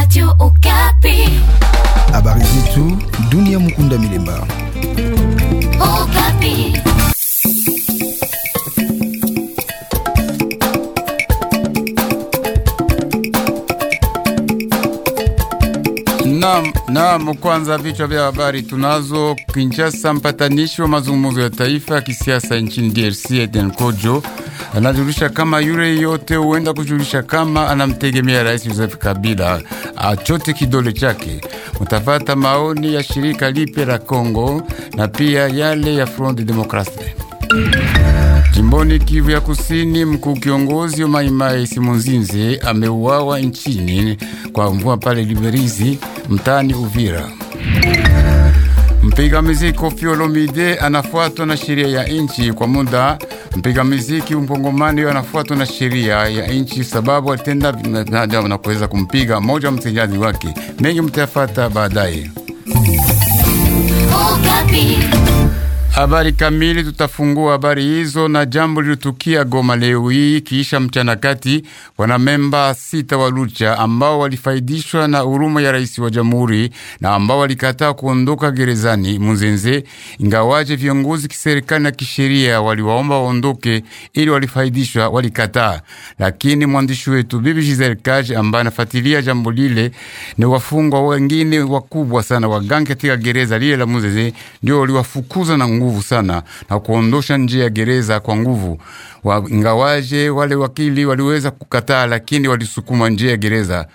Radio Okapi. Habari zetu dunia, Mukunda Milemba. Okapi. Naam, naam, kwanza vichwa vya habari tunazo. Kinshasa, mpatanishi wa mazungumzo ya taifa ya kisiasa nchini DRC Eden Kojo anajulisha kama yule yote huenda kujulisha kama anamtegemea Rais Joseph Kabila achote kidole chake. Mutafata maoni ya shirika lipe la Kongo na pia yale ya Front de Democratie. Jimboni Kivu ya Kusini, mkuu kiongozi wa Maimai Simunzinze ameuawa nchini kwa mvua pale Liberizi mtaani Uvira. Mpiga muziki Koffi Olomide anafuatwa na sheria ya nchi kwa muda Mpiga muziki Mkongomani anafuatwa na sheria ya nchi sababu alitenda vinadamu na kuweza kumpiga mmoja wa msaidizi wake. Mengi mtayafata baadaye. Oh, Habari kamili tutafungua habari hizo na jambo lilotukia Goma leo hii kiisha mchana kati, wanamemba sita wa Lucha ambao walifaidishwa na huruma ya rais wa jamhuri na ambao walikataa kuondoka gerezani Muzenze, ingawaje viongozi kiserikali na kisheria waliwaomba waondoke ili walifaidishwa, walikataa. Lakini mwandishi wetu bibi Giselle Kaje ambaye anafuatilia jambo lile, ni wafungwa wengine wakubwa sana wa gangi katika gereza lile la Muzenze ndio waliwafukuza na nguvu nguvu sana na kuondosha nje ya gereza kwa nguvu. Ingawaje wale wakili waliweza kukataa, lakini walisukuma nje ya gereza.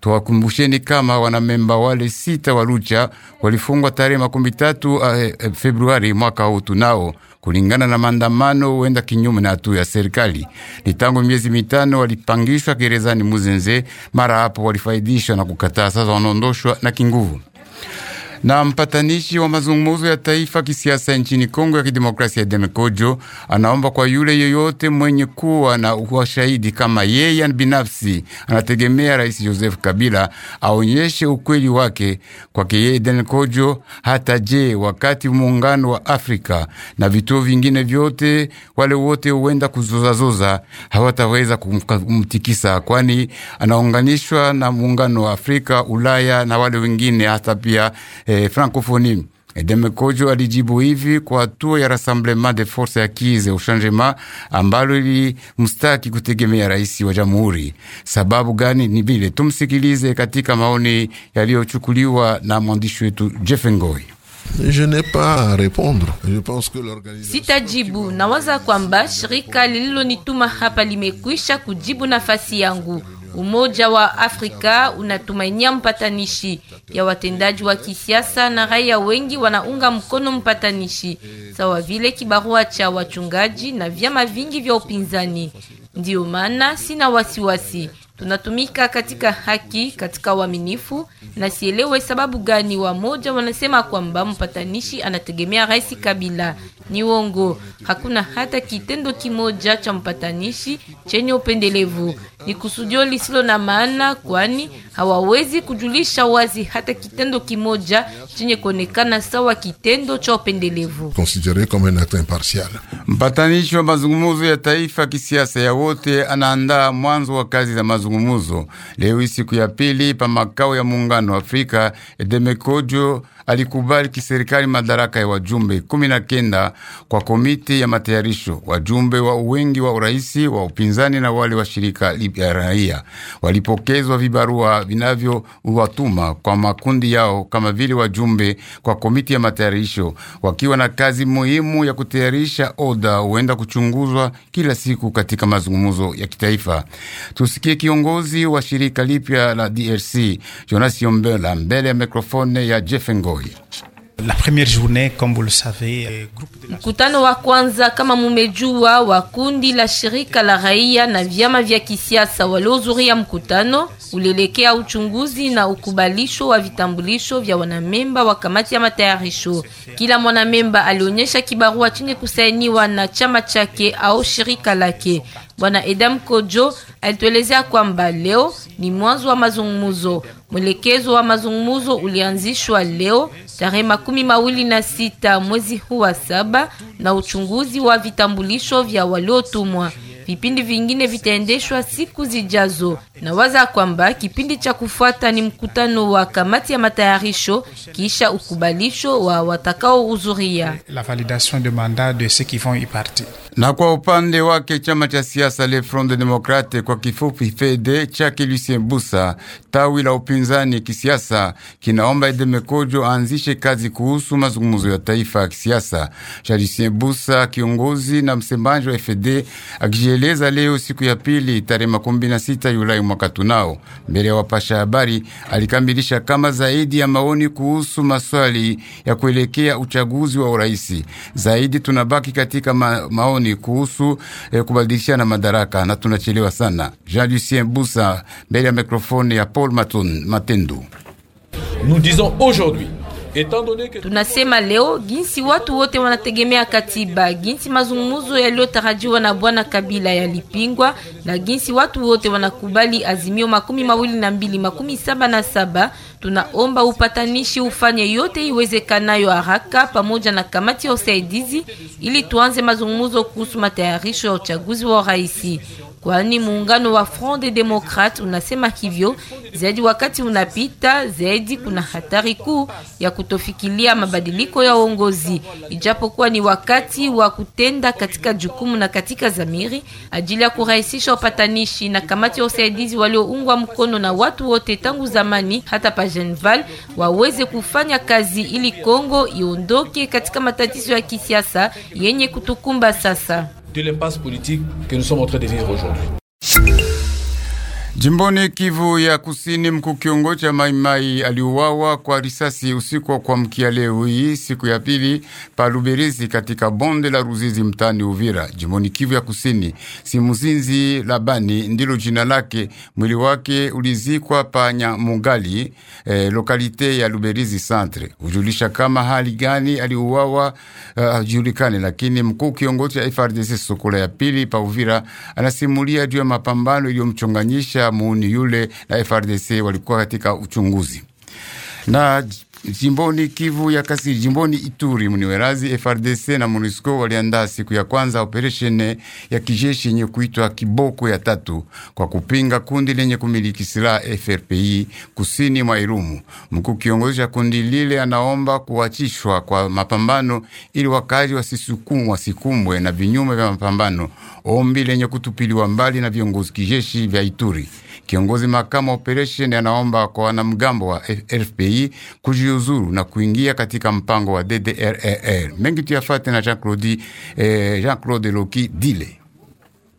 Tuwakumbusheni kama wanamemba wale sita wa Lucha walifungwa tarehe makumi tatu eh, eh, Februari mwaka huu tunao kulingana na maandamano huenda kinyume na hatua ya serikali. Ni tangu miezi mitano walipangishwa gerezani Muzenze, mara hapo walifaidishwa na kukataa, sasa wanaondoshwa na kinguvu na mpatanishi wa mazungumzo ya taifa kisiasa nchini Kongo ya Kidemokrasia Eden anaomba kwa yule yoyote mwenye kuwa na washahidi kama yeye binafsi anategemea Rais Joseph Kabila aonyeshe ukweli wake kwake yeye Demekojo. Hata je, wakati muungano wa Afrika na vituo vingine vyote, wale wote huenda kuzozazoza hawataweza kumtikisa, kwani anaunganishwa na muungano wa Afrika, Ulaya na wale wengine hata pia eh, francophonie. Edeme Kojo alijibu hivi kwa hatua ya Rassemblement de Force Acquise au Changement ambalo lilimstaki kutegemea rais wa jamhuri. Sababu gani? Ni vile tumsikilize katika maoni yaliyochukuliwa na mwandishi wetu Jeff Ngoi. Sitajibu, nawaza kwamba shirika lililonituma hapa limekwisha kujibu nafasi yangu. Umoja wa Afrika unatumainia mpatanishi ya watendaji wa kisiasa na raia wengi wanaunga mkono mpatanishi, sawa vile kibarua cha wachungaji na vyama vingi vya upinzani. Ndiyo maana sina wasiwasi, tunatumika katika haki, katika uaminifu, na sielewe sababu gani wamoja wanasema kwamba mpatanishi anategemea Rais Kabila. Ni uongo. Hakuna hata kitendo kimoja cha mpatanishi chenye upendelevu ni kusudio lisilo na maana, kwani hawawezi kujulisha wazi hata kitendo kimoja chenye kuonekana sawa kitendo cha upendelevu. Mpatanishi wa mazungumuzo ya taifa kisiasa ya wote anaandaa mwanzo wa kazi za mazungumuzo leo siku ya pili pa makao ya muungano wa Afrika Edemekojo alikubali kiserikali madaraka ya wajumbe kumi na kenda kwa komiti ya matayarisho. Wajumbe wa wengi wa uraisi wa upinzani na wale wa shirika la raia walipokezwa vibarua vinavyo watuma kwa makundi yao, kama vile wajumbe kwa komiti ya matayarisho, wakiwa na kazi muhimu ya kutayarisha oda huenda kuchunguzwa kila siku katika mazungumzo ya kitaifa. Tusikie kiongozi wa shirika lipya la DRC Jonas Yombela mbele ya mikrofone ya Jeffengo. you. La première journée, comme vous le savez, euh, mkutano wa kwanza kama mumejua wa kundi la shirika la raia na vyama vya kisiasa waliohudhuria mkutano ulielekea uchunguzi na ukubalisho wa vitambulisho vya wanamemba wa kamati ya matayarisho. Kila mwanamemba alionyesha kibarua chenye kusainiwa na chama chake au shirika lake. Bwana Edam Kojo alituelezea kwamba leo ni mwanzo wa mazungumzo. Mwelekezo wa mazungumzo ulianzishwa leo tarehe makumi mawili na sita mwezi huu wa saba na uchunguzi wa vitambulisho vya waliotumwa. Vipindi vingine vitaendeshwa siku zijazo. Nawaza kwamba kipindi cha kufuata ni mkutano wa kamati ya matayarisho kisha ukubalisho wa watakaohudhuria. La validation de mandat de ceux qui vont y partir. Na kwa upande wake chama cha siasa Le Front Democrate kwa kifupi Fede chake Lucien Busa, tawi la upinzani kisiasa, kinaomba Edemekojo aanzishe kazi kuhusu mazungumzo ya taifa ya kisiasa. Cha Lucien Busa, kiongozi na msemaji wa FD, akijieleza leo siku ya pili tarehe makumi na sita Julai mwaka tunao, mbele ya wapasha habari, alikamilisha kama zaidi ya maoni kuhusu maswali ya kuelekea uchaguzi wa uraisi. Zaidi tunabaki katika ma maoni mjini kuhusu eh, madaraka na tunachelewa sana. Jean Lucien Busa mbele ya mikrofoni ya Paul Matun Matendu. Nous disons aujourd'hui Tunasema leo jinsi watu wote wanategemea katiba, jinsi mazungumzo yaliyotarajiwa na bwana Kabila yalipingwa na jinsi watu wote wanakubali azimio makumi mawili na mbili makumi saba na saba. Tunaomba upatanishi ufanye yote iwezekanayo haraka pamoja na kamati ya usaidizi ili tuanze mazungumzo kuhusu matayarisho ya uchaguzi wa rais kwani muungano wa Front des Democrates unasema hivyo. Zaidi wakati unapita zaidi, kuna hatari kuu ya kutofikilia mabadiliko ya uongozi, ijapokuwa ni wakati wa kutenda katika jukumu na katika zamiri ajili ya kurahisisha upatanishi na kamati ya usaidizi walioungwa mkono na watu wote tangu zamani, hata pa Genval waweze kufanya kazi ili Kongo iondoke katika matatizo ya kisiasa yenye kutukumba sasa. l'impasse politique que nous sommes en train de vivre aujourd'hui. Jimboni Kivu ya Kusini, mkuu kiongozi cha Maimai aliuawa kwa risasi usiku wa kuamkia leo hii siku ya pili pa Luberizi katika bonde la Ruzizi mtani Uvira, jimboni Kivu ya Kusini. Simuzinzi Labani ndilo jina lake. Mwili wake ulizikwa pa Nyamugali, eh, lokalite ya Luberizi Centre. Ujulisha kama hali gani aliuawa eh, hajulikani, uh, lakini mkuu kiongozi cha FRDC Sokola ya pili pa Uvira anasimulia juu ya mapambano iliyomchonganyisha Lamu ni yule na FRDC walikuwa katika uchunguzi na jimboni Kivu ya Kasiri, jimboni Ituri, mniwerazi FRDC na MONUSCO walianda siku ya kwanza operesheni ya kijeshi yenye kuitwa Kiboko ya tatu kwa kupinga kundi lenye kumiliki silaha FRPI kusini mwa Irumu. Mkuu kiongozi cha kundi lile anaomba kuachishwa kwa mapambano ili wakazi wasisukumwe, wasikumbwe na vinyume vya mapambano, ombi lenye kutupiliwa mbali na viongozi kijeshi vya Ituri. Kiongozi makamu wa operesheni anaomba kwa wanamgambo wa FPI kujiuzuru na kuingia katika mpango wa DDRR. E Mengi tuyafate na Jean Claude eh, Jean Claude Loki Dile.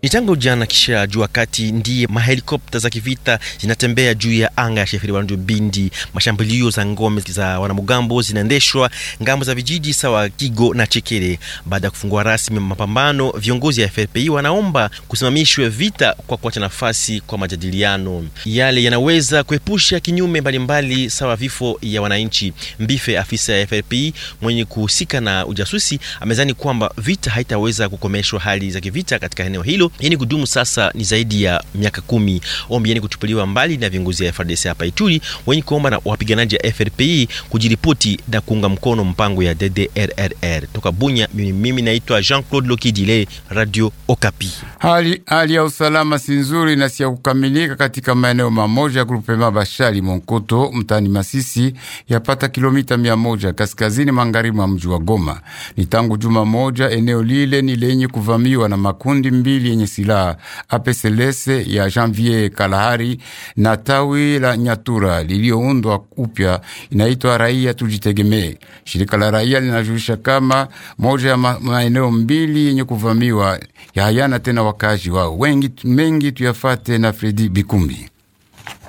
Ni tangu jana kisha jua kati ndiye mahelikopta za kivita zinatembea juu ya anga ya Sheferi Bandu Bindi. Mashambulio za ngome za wanamugambo zinaendeshwa ngambo za vijiji sawa Kigo na Chekele. Baada ya kufungua rasmi mapambano, viongozi ya FRPI wanaomba kusimamishwe vita kwa kuacha nafasi kwa majadiliano yale yanaweza kuepusha kinyume mbalimbali mbali sawa vifo ya wananchi. Mbife, afisa ya FRPI mwenye kuhusika na ujasusi, amezani kwamba vita haitaweza kukomeshwa hali za kivita katika eneo hilo hiyo yenye kudumu sasa ni zaidi ya miaka kumi. Ombi yenye kutupiliwa mbali na viongozi ya FARDC hapa Ituri wenye kuomba na wapiganaji ya FRPI kujiripoti na kuunga mkono mpango ya DDRRR. Toka Bunya, mimi naitwa Jean-Claude Lokidile, Radio Okapi. Hali, hali ya usalama si nzuri na si ya kukamilika katika maeneo mamoja ya grupema Bashali Monkoto mtani Masisi yapata kilomita mia moja kaskazini magharibi mwa mji wa Goma. Ni tangu juma moja eneo lile ni lenye kuvamiwa na makundi mbili yenye silaha APCLS ya Janvier Kalahari na tawi la Nyatura liliyoundwa upya inaitwa Raia Tujitegemee. Shirika la raia linajulisha kama moja ya maeneo mbili yenye kuvamiwa hayana tena wakazi wao wengi. Mengi tuyafate na Fredi Bikumbi.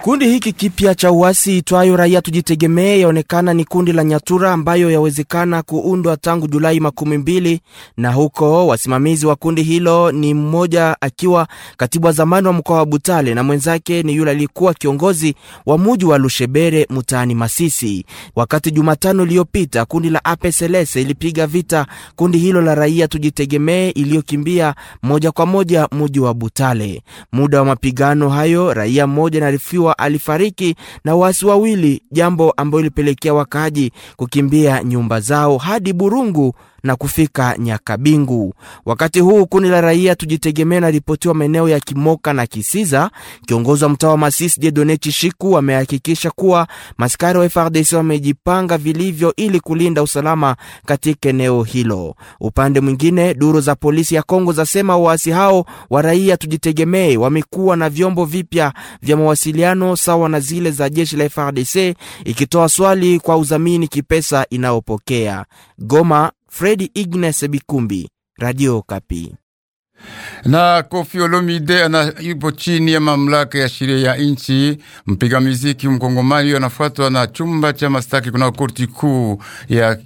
Kundi hiki kipya cha uasi itwayo Raia Tujitegemee yaonekana ni kundi la Nyatura ambayo yawezekana kuundwa tangu Julai makumi mbili, na huko wasimamizi wa kundi hilo ni mmoja akiwa katibu wa zamani wa mkoa wa Butale na mwenzake ni yule aliyekuwa kiongozi wa muji wa Lushebere mtaani Masisi. Wakati Jumatano iliyopita kundi la APCLS ilipiga vita kundi hilo la Raia Tujitegemee iliyokimbia moja kwa moja muji wa Butale. Muda wa mapigano hayo raia mmoja anarifiwa akiwa alifariki na waasi wawili, jambo ambayo ilipelekea wakaaji kukimbia nyumba zao hadi Burungu na kufika Nyakabingu. Wakati huu kundi la raia tujitegemea na ripotiwa maeneo ya Kimoka na Kisiza. Kiongozi wa mtaa wa Masisi Jedone Chishiku amehakikisha kuwa maskari wa FRDC wamejipanga vilivyo ili kulinda usalama katika eneo hilo. Upande mwingine, duru za polisi ya Kongo zasema waasi hao wa raia tujitegemee wamekuwa na vyombo vipya vya mawasiliano sawa na zile za jeshi la frdc ikitoa swali kwa udhamini kipesa inayopokea Goma. Fredi Ignace Bikumbi, Radio Kapi. Na Kofi Olomide ana yupo chini ya mamlaka ya sheria ya nchi. Mpiga muziki mkongomani anafuatwa na chumba cha mastaki kuna korti kuu ya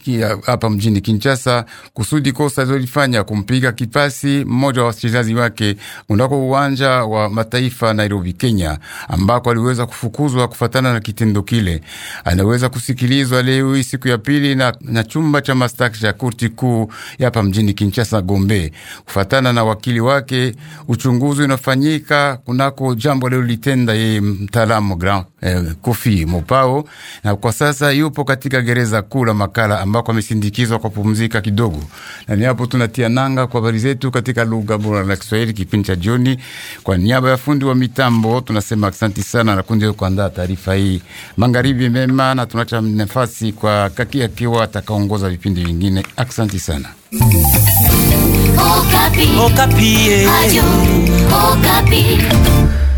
hapa mjini Kinshasa kusudi kosa alilofanya kumpiga kipasi mmoja wa wachezaji wake unako uwanja wa mataifa Nairobi, Kenya, ambako aliweza kufukuzwa kufatana na kitendo kile. Anaweza kusikilizwa leo siku ya pili na, na chumba cha mastaki cha korti kuu ya hapa mjini Kinshasa Gombe, kufatana na wakili wake kwake uchunguzi unafanyika kunako jambo leo litenda yeye mtaalamu Grand eh, Kofi Mopao, na kwa sasa yupo katika gereza kuu la Makala ambako amesindikizwa kwa pumzika kidogo. Na ni hapo tunatia nanga kwa habari zetu katika lugha bora la Kiswahili kipindi cha jioni. Kwa niaba ya fundi wa mitambo tunasema asante sana na kundi kuandaa taarifa hii. Magharibi mema, na tunacha nafasi kwa kaki akiwa atakaongoza vipindi vingine. Asante sana. Okapi. Okapi. Eh.